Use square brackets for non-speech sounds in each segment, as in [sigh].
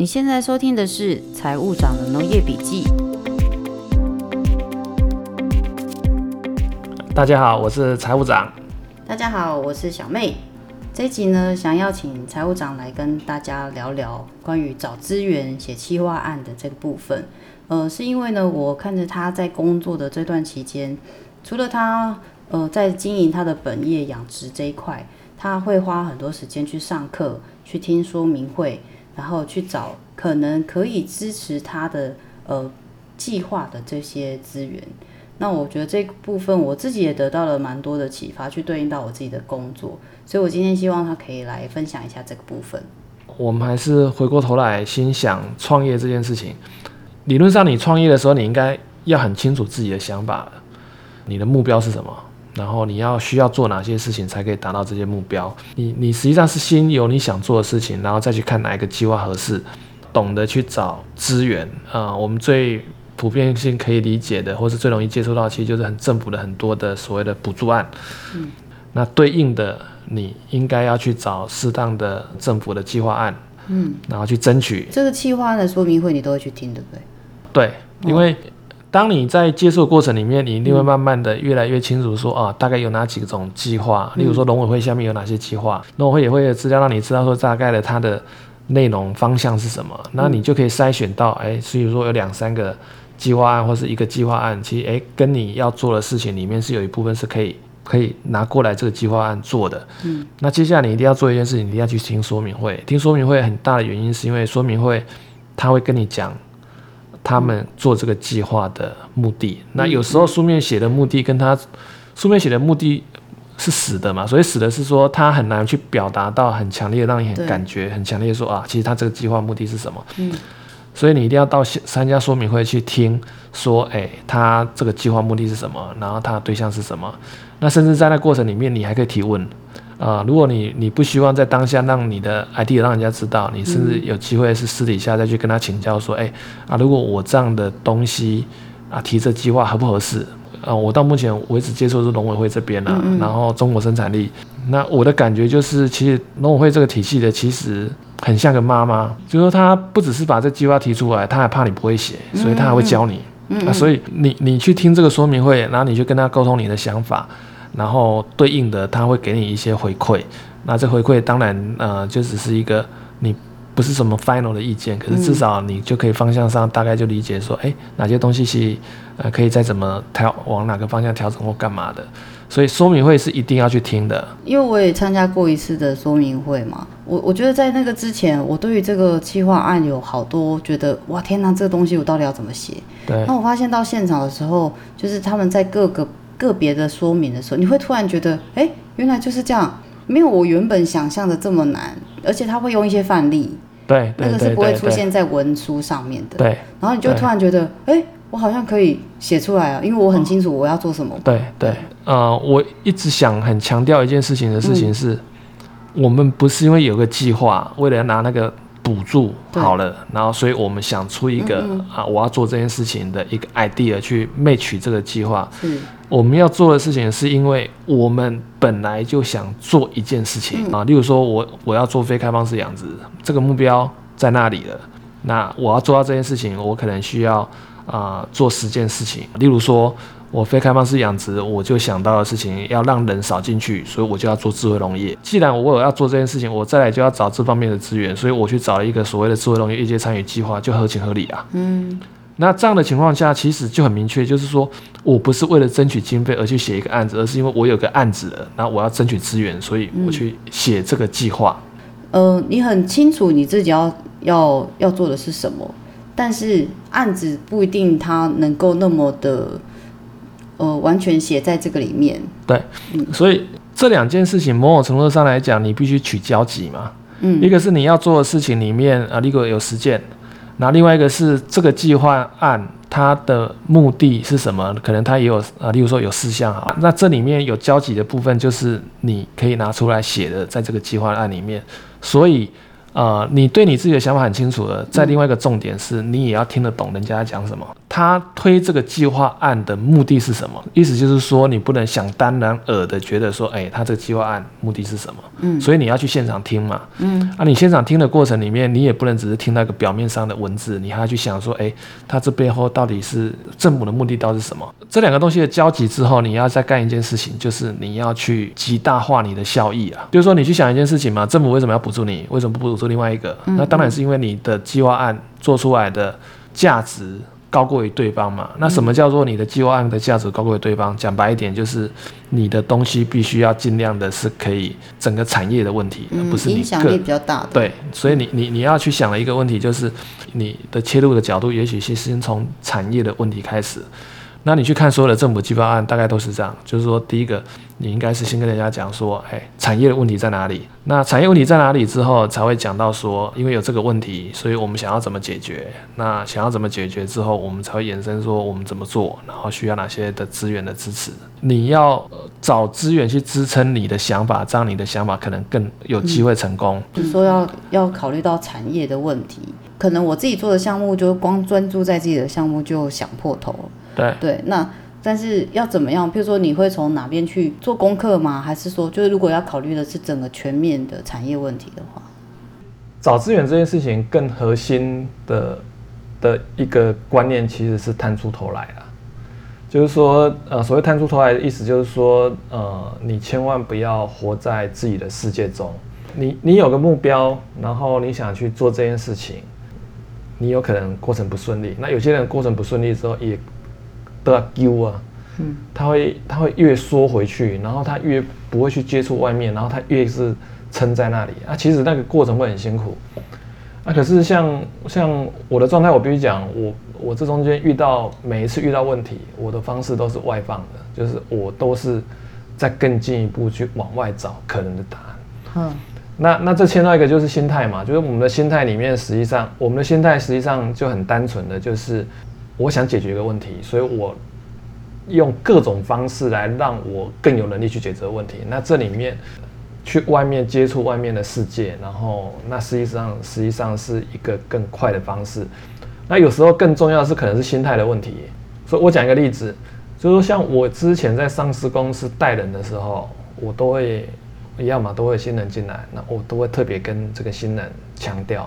你現在收聽的是財務長的農業筆記。大家好，我是財務長。大家好，我是小妹。這一集呢，想要請財務長來跟大家聊聊關於找資源、寫企劃案的這個部分。呃，是因為呢，我看着他在工作的這段期間，除了他呃在經營他的本業養殖這一塊，他會花很多時間去上課、去聽說明會。然後去找可能可以支持他的呃計劃的這些資源。那我覺得這個部分我自己也得到了蠻多的啟發，去對應到我自己的工作。所以我今天希望他可以來分享一下這個部分。我們還是回過頭來，先想創業這件事情。理論上，你創業的時候，你應該要很清楚自己的想法，你的目標是什麼？然後你要需要做哪些事情才可以達到這些目標？你你實際上是先有你想做的事情，然後再去看哪一個計劃合適，懂得去找資源啊、呃。我們最普遍性可以理解的，或是最容易接觸到，其實就是很政府的很多的所謂的補助案。嗯，那對應的你應該要去找適當的政府的計劃案。嗯，然後去爭取這個計劃案的說明會，你都會去聽，對不對？對，因為、哦。當你在接受的過程裡面，你一定會慢慢的越來越清楚說，說啊，大概有哪幾種計劃？例如說，農委會下面有哪些計劃？農委會也會有資料讓你知道，說大概的它的內容方向是什麼。那你就可以篩選到，哎，所以說有兩三個計劃案或是一個計劃案，其實哎，跟你要做的事情裡面是有一部分是可以可以拿過來這個計劃案做的。嗯。那接下來你一定要做一件事情，你一定要去聽說明會。聽說明會很大的原因是因為說明會他會跟你講。他們做這個計劃的目的，那有時候書面寫的目的跟他、嗯、書面寫的目的是死的嘛，所以死的是說他很難去表達到很強烈，讓你很感覺對很強烈的說，說啊，其實他這個計劃目的是什麼？嗯，所以你一定要到參加說明會去聽說，說、欸、哎，他這個計劃目的是什麼，然後他的對象是什麼？那甚至在那個過程裡面，你還可以提問。啊、呃，如果你你不希望在當下讓你的 idea 讓人家知道，你甚至有機會是私底下再去跟他請教說，哎、嗯，啊，如果我這樣的東西啊，提這計劃合不合適？啊，我到目前為止接觸的是農委會這邊呢、啊，嗯嗯，然後中國生產力，那我的感覺就是，其實農委會這個體系的其實很像個媽媽，就是說他不只是把這計劃提出來，他還怕你不會寫，所以他還會教你。嗯嗯，啊，所以你你去聽這個說明會，然後你去跟他溝通你的想法。然後對應的他會給你一些回饋，那這回饋當然呃就只是一個你不是什麼 final 的意見，可是至少你就可以方向上大概就理解說，哎、嗯、哪些東西是呃可以再怎麼調，往哪個方向調整或幹嘛的，所以說明會是一定要去聽的。因為我也參加過一次的說明會嘛，我我覺得在那個之前，我對於這個企劃案有好多覺得哇天哪，這個東西我到底要怎麼寫？對那我發現到現場的時候，就是他們在各個。個別的說明的時候，你會突然覺得，哎，原來就是這樣，沒有我原本想象的這麼難。而且他會用一些範例，對，對那個是不會出現在文書上面的。對，對對，然後你就突然覺得，哎，我好像可以寫出來啊，因為我很清楚我要做什麼。對對，對對呃，我一直想很強調一件事情的事情是，嗯、我們不是因為有個計劃，為了要拿那個補助好了，對然後所以我們想出一個嗯嗯啊，我要做這件事情的一個 idea 去 match 這個計劃。嗯。我們要做的事情，是因為我們本來就想做一件事情啊。例如說我，我我要做非開放式養殖，這個目標在那裡了。那我要做到這件事情，我可能需要啊、呃、做十件事情。例如說，我非開放式養殖，我就想到的事情要讓人少進去，所以我就要做智慧農業。既然我有要做這件事情，我再來就要找這方面的資源，所以我去找了一個所謂的智慧農業業界參與計劃，就合情合理啊。嗯。那這樣的情況下，其實就很明確，就是說我不是為了爭取經費而去寫一個案子，而是因為我有個案子了，那我要爭取資源，所以我去寫這個計劃。嗯。呃，你很清楚你自己要要要做的是什麼，但是案子不一定它能夠那麼的呃完全寫在這個裡面。嗯。對，所以這兩件事情，某種程度上來講，你必須取交集嘛。嗯，一個是你要做的事情裡面啊，如果有實踐。那另外一個是這個計劃案，它的目的是什麼？可能它也有啊、呃，例如說有四項啊。那這裡面有交集的部分，就是你可以拿出來寫的，在這個計劃案裡面。所以。.呃，你對你自己的想法很清楚了，在另外一個重點是你也要聽得懂人家在講什麼？嗯、他推這個計劃案的目的是什麼？意思就是說你不能想當然耳的覺得說，哎，他這個計劃案目的是什麼？嗯，所以你要去現場聽嘛。嗯，啊，你現場聽的過程裡面，你也不能只是聽那個表面上的文字，你還要去想說，哎，他這背後到底是政府的目的到底，到底是什麼？這兩個東西的交集之後，你要再幹一件事情，就是你要去極大化你的效益啊。比如說你去想一件事情嘛，政府為什麼要補助你？為什麼不補助你？另外一個，那當然是因為你的計劃案做出來的價值高過於對方嘛。那什麼叫做你的計劃案的價值高過於對方？講白一點，就是你的東西必須要盡量的是可以整個產業的問題，而不是你個，影響力比較大的。對，所以你你你要去想的一個問題就是，你的切入的角度也許是先從產業的問題開始。那你去看所有的政府計劃案，大概都是這樣，就是說，第一個，你應該是先跟人家講說，哎，產業的問題在哪裡？那產業問題在哪裡之後，才會講到說，因為有這個問題，所以我們想要怎麼解決？那想要怎麼解決之後，我們才會衍生說我們怎麼做，然後需要哪些的資源的支持？你要，呃、找資源去支撐你的想法，這樣你的想法可能更有機會成功。就是，嗯、說要，要要考慮到產業的問題，可能我自己做的項目就是光專注在自己的項目就想破頭對，那但是要怎麼樣？譬如說，你會從哪邊去做功課嗎？還是說，就是如果要考慮的是整個全面的產業問題的話，找資源這件事情更核心的的一個觀念其實是探出頭來了。就是說，呃，所謂探出頭來的意思，就是說，呃，你千萬不要活在自己的世界中你，你你有個目標，然後你想去做這件事情，你有可能過程不順利。那有些人過程不順利的時候也。的丟啊，嗯，他，他會他會越縮回去，然後他越不會去接觸外面，然後他越是撐在那裡。啊，其實那個過程會很辛苦。那、啊、可是像像我的狀態，我必須講，我我這中間遇到每一次遇到問題，我的方式都是外放的，就是我都是在更進一步去往外找可能的答案。嗯，那那這牽到一個就是心態嘛，就是我們的心態裡面，實際上我們的心態實際上就很單純的就是。我想解決一個問題，所以我用各種方式來讓我更有能力去解決問題。那這裡面去外面接觸外面的世界，然後那實際上實際上是一個更快的方式。那有時候更重要的是可能是心態的問題。所以我講一個例子，就是說像我之前在上市公司帶人的時候，我都會一樣嘛，都會新人進來，那我都會特別跟這個新人強調，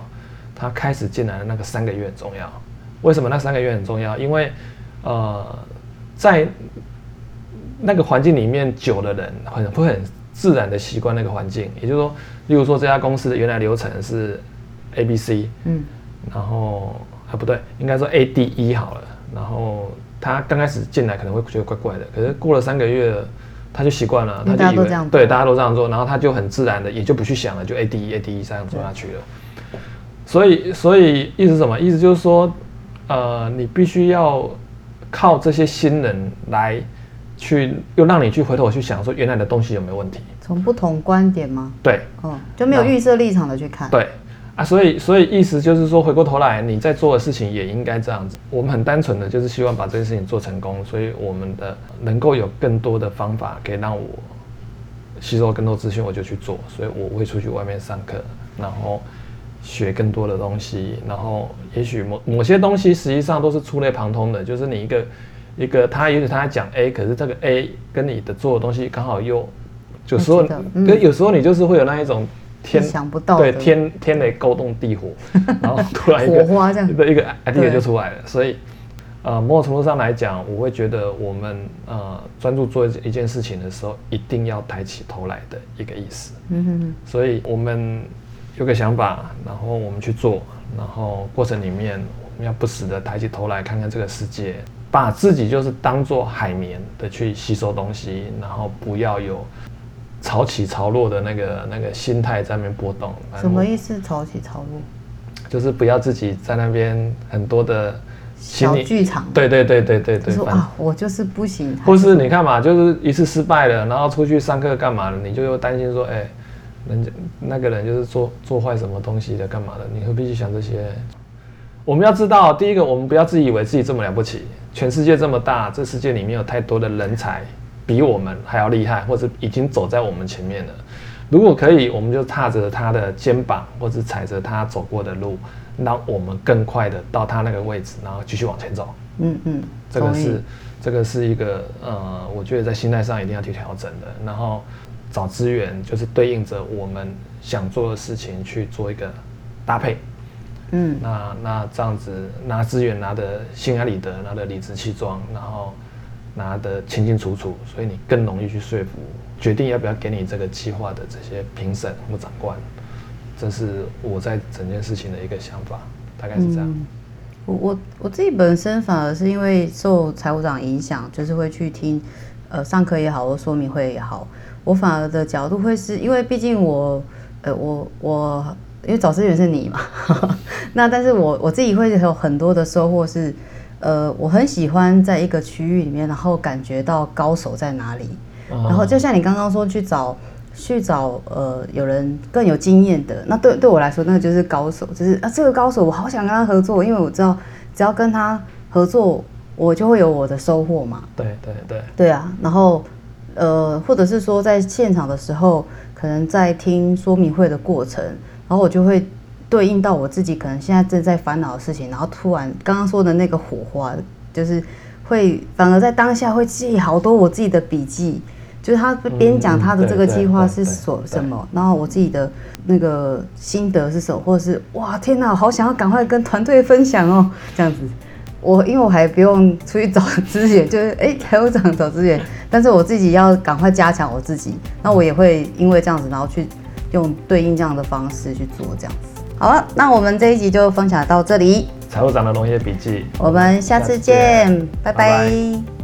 他開始進來的那個三個月很重要。為什麼那三個月很重要？因為，呃，在那個環境裡面久的人，很會很自然的習慣那個環境。也就是說，例如說這家公司的原來流程是 A B C，嗯，然後啊不對，應該說 A D E 好了。然後他剛開始進來可能會覺得怪怪的，可是過了三個月，他就習慣了，嗯、他就以為這樣對，大家都這樣做，然後他就很自然的也就不去想了，就 A D E A D E 這樣做下去了。嗯、所以，所以意思什麼？意思就是說。呃，你必須要靠這些新人來去，又讓你去回頭去想說原來的東西有沒有問題？從不同觀點嗎？對，嗯、哦，就沒有預設立場的去看。對啊，所以所以意思就是說，回過頭來你在做的事情也應該這樣子。我們很單純的就是希望把這件事情做成功，所以我們的能夠有更多的方法可以讓我吸收更多資訊，我就去做。所以我會出去外面上課，然後。學更多的東西，然後也許某某些東西實際上都是觸類旁通的，就是你一個一個他，也許他在講 A，可是這個 A 跟你的做的東西剛好又有、欸、時候，對，嗯、有時候你就是會有那一種天想不到，對，天天雷勾動地火，然後突然一個 [laughs] 火花這樣，的一個 idea 就出來了。對所以，呃，某種程度上來講，我會覺得我們呃專注做一件事情的時候，一定要抬起頭來的一個意思。嗯哼哼，所以我們。有個想法，然後我們去做，然後過程裡面我們要不時的抬起頭來看看這個世界，把自己就是當做海綿的去吸收東西，然後不要有潮起潮落的那個那個心態在那邊波動。什麼意思？潮起潮落？就是不要自己在那邊很多的小劇場。潮潮對對對對對對。是說正啊，我就是不行。或是，不是你看嘛，就是一次失敗了，然後出去上課幹嘛了，你就又擔心說，哎、欸。人家那個人就是做做壞什麼東西的？幹嘛的？你何必去想這些？我們要知道，第一個，我們不要自以為自己這麼了不起。全世界這麼大，這世界裡面有太多的人才比我們還要厲害，或者已經走在我們前面了。如果可以，我們就踏着他的肩膀，或者踩着他走過的路，讓我們更快地到他那個位置，然後繼續往前走。嗯嗯，嗯這個是這個是一個呃，我覺得在心態上一定要去調整的。然後。找資源就是對應着我們想做的事情去做一個搭配，嗯，那那這樣子拿資源拿得心安理得，拿得理直氣壯，然後拿得清清楚楚，所以你更容易去說服決定要不要給你這個計劃的這些評審或長官。這是我在整件事情的一個想法，大概是這樣。嗯、我我我自己本身反而是因為受財務長影響，就是會去聽，呃，上課也好，或說明會也好。我反而的角度會是因為，畢竟我，呃，我我因為找資源是你嘛呵呵，那但是我我自己會有很多的收穫是，呃，我很喜歡在一個區域裡面，然後感覺到高手在哪裡，然後就像你剛剛說去找去找呃有人更有經驗的，那對對我來說，那就是高手，就是啊這個高手我好想跟他合作，因為我知道只要跟他合作，我就會有我的收穫嘛。對對對。對啊，然後。呃，或者是說，在現場的時候，可能在聽說明會的過程，然後我就會對應到我自己可能現在正在煩惱的事情，然後突然剛剛說的那個火花，就是會反而在當下會記好多我自己的筆記，就是他邊講他的這個計劃是說什麼，然後我自己的那個心得是什麼，或者是哇天哪，好想要趕快跟團隊分享哦，這樣子，我因為我還不用出去找資源，就是哎、欸，財務長找資源。但是我自己要趕快加強我自己，那我也會因為這樣子，然後去用對應這樣的方式去做這樣子。好了，那我們這一集就分享到這裡，《財務長的農業筆記》，我們下次見，拜拜。Bye bye bye bye